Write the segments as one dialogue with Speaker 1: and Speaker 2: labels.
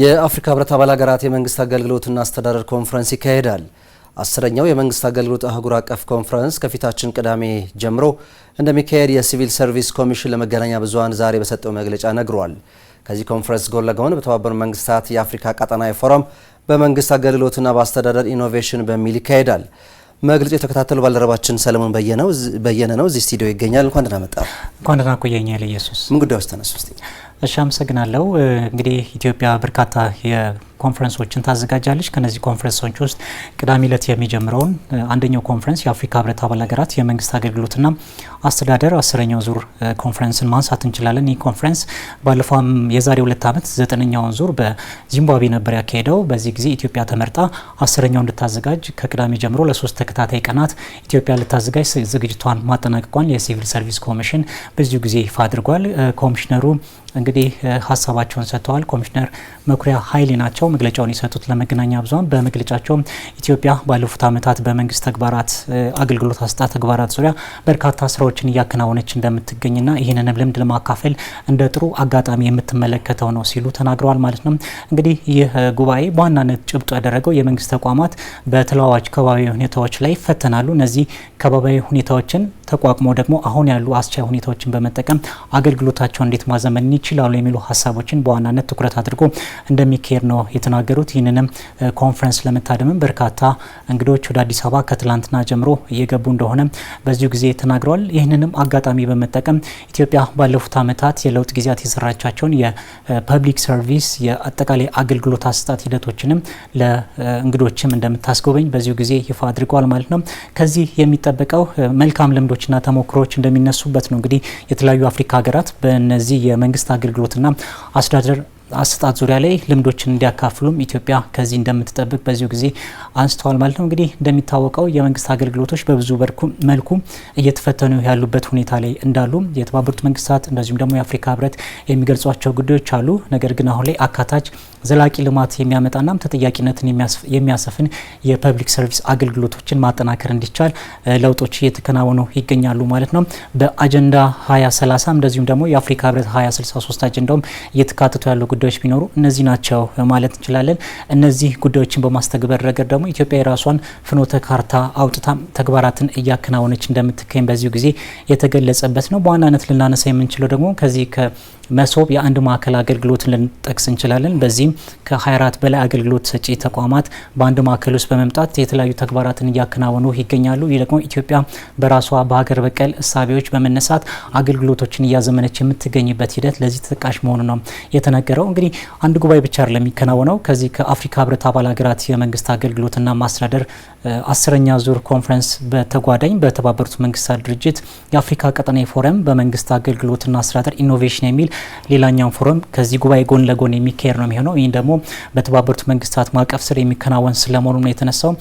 Speaker 1: የአፍሪካ ህብረት አባል ሀገራት የመንግስት አገልግሎትና አስተዳደር ኮንፈረንስ ይካሄዳል። አስረኛው የመንግስት አገልግሎት አህጉር አቀፍ ኮንፈረንስ ከፊታችን ቅዳሜ ጀምሮ እንደሚካሄድ የሲቪል ሰርቪስ ኮሚሽን ለመገናኛ ብዙሀን ዛሬ በሰጠው መግለጫ ነግሯል። ከዚህ ኮንፈረንስ ጎን ለጎን በተባበሩት መንግስታት የአፍሪካ ቀጠናዊ ፎረም በመንግስት አገልግሎትና በአስተዳደር ኢኖቬሽን በሚል ይካሄዳል። መግለጫው የተከታተሉ ባልደረባችን ሰለሞን በየነ ነው። እዚህ ስቱዲዮ ይገኛል። እንኳን ደህና መጣ።
Speaker 2: እንኳን ደህና ኢየሱስ ምን ጉዳዮች ተነሱ? እሺ አመሰግናለሁ። እንግዲህ ኢትዮጵያ በርካታ ኮንፈረንሶችን ታዘጋጃለች። ከነዚህ ኮንፈረንሶች ውስጥ ቅዳሜ ዕለት የሚጀምረውን አንደኛው ኮንፈረንስ የአፍሪካ ህብረት አባል ሀገራት የመንግስት አገልግሎትና አስተዳደር አስረኛው ዙር ኮንፈረንስን ማንሳት እንችላለን። ይህ ኮንፈረንስ ባለፈው የዛሬ ሁለት ዓመት ዘጠነኛውን ዙር በዚምባብዌ ነበር ያካሄደው። በዚህ ጊዜ ኢትዮጵያ ተመርጣ አስረኛው እንድታዘጋጅ ከቅዳሜ ጀምሮ ለሶስት ተከታታይ ቀናት ኢትዮጵያ ልታዘጋጅ ዝግጅቷን ማጠናቀቋን የሲቪል ሰርቪስ ኮሚሽን በዚሁ ጊዜ ይፋ አድርጓል። ኮሚሽነሩ እንግዲህ ሀሳባቸውን ሰጥተዋል። ኮሚሽነር መኩሪያ ኃይሌ ናቸው። መግለጫውን የሰጡት ለመገናኛ ብዙኃን በመግለጫቸው ኢትዮጵያ ባለፉት ዓመታት በመንግስት ተግባራት አገልግሎት አሰጣጥ ተግባራት ዙሪያ በርካታ ስራዎችን እያከናወነች እንደምትገኝና ይህንንም ልምድ ለማካፈል እንደ ጥሩ አጋጣሚ የምትመለከተው ነው ሲሉ ተናግረዋል ማለት ነው። እንግዲህ ይህ ጉባኤ በዋናነት ጭብጡ ያደረገው የመንግስት ተቋማት በተለዋዋጭ ከባቢያዊ ሁኔታዎች ላይ ይፈተናሉ። እነዚህ ከባቢያዊ ሁኔታዎችን ተቋቁሞ ደግሞ አሁን ያሉ አስቻይ ሁኔታዎችን በመጠቀም አገልግሎታቸውን እንዴት ማዘመን ይችላሉ የሚሉ ሀሳቦችን በዋናነት ትኩረት አድርጎ እንደሚካሄድ ነው የተናገሩት። ይህንንም ኮንፈረንስ ለመታደምም በርካታ እንግዶች ወደ አዲስ አበባ ከትላንትና ጀምሮ እየገቡ እንደሆነ በዚሁ ጊዜ ተናግረዋል። ይህንንም አጋጣሚ በመጠቀም ኢትዮጵያ ባለፉት ዓመታት የለውጥ ጊዜያት የሰራቻቸውን የፐብሊክ ሰርቪስ የአጠቃላይ አገልግሎት አሰጣጥ ሂደቶችንም ለእንግዶችም እንደምታስጎበኝ በዚሁ ጊዜ ይፋ አድርገዋል ማለት ነው። ከዚህ የሚጠበቀው መልካም ልምዶችና ተሞክሮዎች እንደሚነሱበት ነው። እንግዲህ የተለያዩ አፍሪካ ሀገራት በእነዚህ የመንግስት አገልግሎትና አስተዳደር አሰጣጥ ዙሪያ ላይ ልምዶችን እንዲያካፍሉም ኢትዮጵያ ከዚህ እንደምትጠብቅ በዚሁ ጊዜ አንስተዋል ማለት ነው። እንግዲህ እንደሚታወቀው የመንግስት አገልግሎቶች በብዙ መልኩ እየተፈተኑ ያሉበት ሁኔታ ላይ እንዳሉ የተባበሩት መንግስታት እንደዚሁም ደግሞ የአፍሪካ ህብረት የሚገልጿቸው ጉዳዮች አሉ። ነገር ግን አሁን ላይ አካታች ዘላቂ ልማት የሚያመጣናም ተጠያቂነትን የሚያሰፍን የፐብሊክ ሰርቪስ አገልግሎቶችን ማጠናከር እንዲቻል ለውጦች እየተከናወኑ ይገኛሉ ማለት ነው። በአጀንዳ 2030 እንደዚሁም ደግሞ የአፍሪካ ህብረት 2063 አጀንዳውም እየተካተቱ ያሉ ጉዳዮች ቢኖሩ እነዚህ ናቸው ማለት እንችላለን። እነዚህ ጉዳዮችን በማስተግበር ረገድ ደግሞ ኢትዮጵያ የራሷን ፍኖተ ካርታ አውጥታ ተግባራትን እያከናወነች እንደምትገኝ በዚሁ ጊዜ የተገለጸበት ነው። በዋናነት ልናነሳ የምንችለው ደግሞ ከዚህ መሶብ የአንድ ማዕከል አገልግሎትን ልንጠቅስ እንችላለን። በዚህም ከ24 በላይ አገልግሎት ሰጪ ተቋማት በአንድ ማዕከል ውስጥ በመምጣት የተለያዩ ተግባራትን እያከናወኑ ይገኛሉ። ይህ ደግሞ ኢትዮጵያ በራሷ በሀገር በቀል እሳቤዎች በመነሳት አገልግሎቶችን እያዘመነች የምትገኝበት ሂደት ለዚህ ተጠቃሽ መሆኑ ነው የተነገረው። እንግዲህ አንድ ጉባኤ ብቻ አይደለም የሚከናወነው። ከዚህ ከአፍሪካ ህብረት አባል ሀገራት የመንግስት አገልግሎትና ማስተዳደር አስረኛ ዙር ኮንፈረንስ በተጓዳኝ በተባበሩት መንግስታት ድርጅት የአፍሪካ ቀጠና ፎረም በመንግስት አገልግሎትና አስተዳደር ኢኖቬሽን የሚል ሌላኛው ፎረም ከዚህ ጉባኤ ጎን ለጎን የሚካሄድ ነው የሚሆነው። ይህም ደግሞ በተባበሩት መንግስታት ማዕቀፍ ስር የሚከናወን ስለመሆኑ ነው የተነሳው።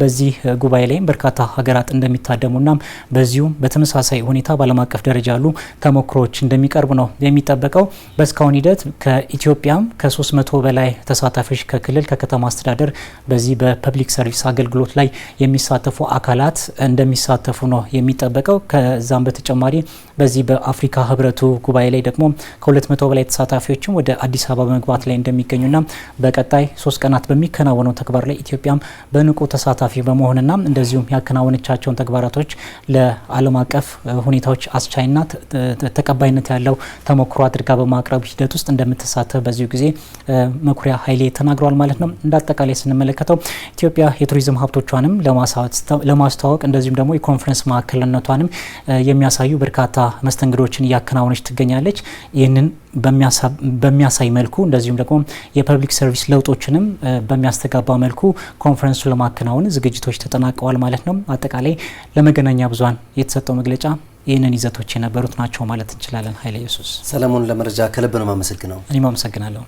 Speaker 2: በዚህ ጉባኤ ላይም በርካታ ሀገራት እንደሚታደሙና በዚሁም በተመሳሳይ ሁኔታ በዓለም አቀፍ ደረጃ ያሉ ተሞክሮዎች እንደሚቀርቡ ነው የሚጠበቀው። በእስካሁን ሂደት ከኢትዮጵያም ከ መቶ በላይ ተሳታፊዎች ከክልል ከከተማ አስተዳደር በዚህ በፐብሊክ ሰርቪስ አገልግሎት ላይ የሚሳተፉ አካላት እንደሚሳተፉ ነው የሚጠበቀው። ከዛም በተጨማሪ በዚህ በአፍሪካ ህብረቱ ጉባኤ ላይ ደግሞ ከሁለት መቶ በላይ ተሳታፊዎችም ወደ አዲስ አበባ በመግባት ላይ እንደሚገኙና በቀጣይ ሶስት ቀናት በሚከናወነው ተግባር ላይ ኢትዮጵያም በንቁ ተሳታፊ በመሆንና እንደዚሁም ያከናወነቻቸውን ተግባራቶች ለዓለም አቀፍ ሁኔታዎች አስቻይና ተቀባይነት ያለው ተሞክሮ አድርጋ በማቅረብ ሂደት ውስጥ እንደምትሳተፍ በዚሁ ጊዜ መኩሪያ ኃይሌ ተናግሯል ማለት ነው። እንዳጠቃላይ ስንመለከተው ኢትዮጵያ የቱሪዝም ሀብቶቿንም ለማስተዋወቅ እንደዚሁም ደግሞ የኮንፈረንስ ማዕከልነቷንም የሚያሳዩ በርካታ መስተንግዶችን እያከናወነች ትገኛለች። ይህንን በሚያሳይ መልኩ እንደዚሁም ደግሞ የፐብሊክ ሰርቪስ ለውጦችንም በሚያስተጋባ መልኩ ኮንፈረንሱ ለማከናወን ዝግጅቶች ተጠናቀዋል ማለት ነው። አጠቃላይ ለመገናኛ ብዙሃን የተሰጠው መግለጫ ይህንን ይዘቶች የነበሩት ናቸው ማለት እንችላለን። ኃይለ ኢየሱስ
Speaker 1: ሰለሞን፣ ለመረጃ ከልብ ነው ማመሰግነው።
Speaker 2: እኔም አመሰግናለሁ።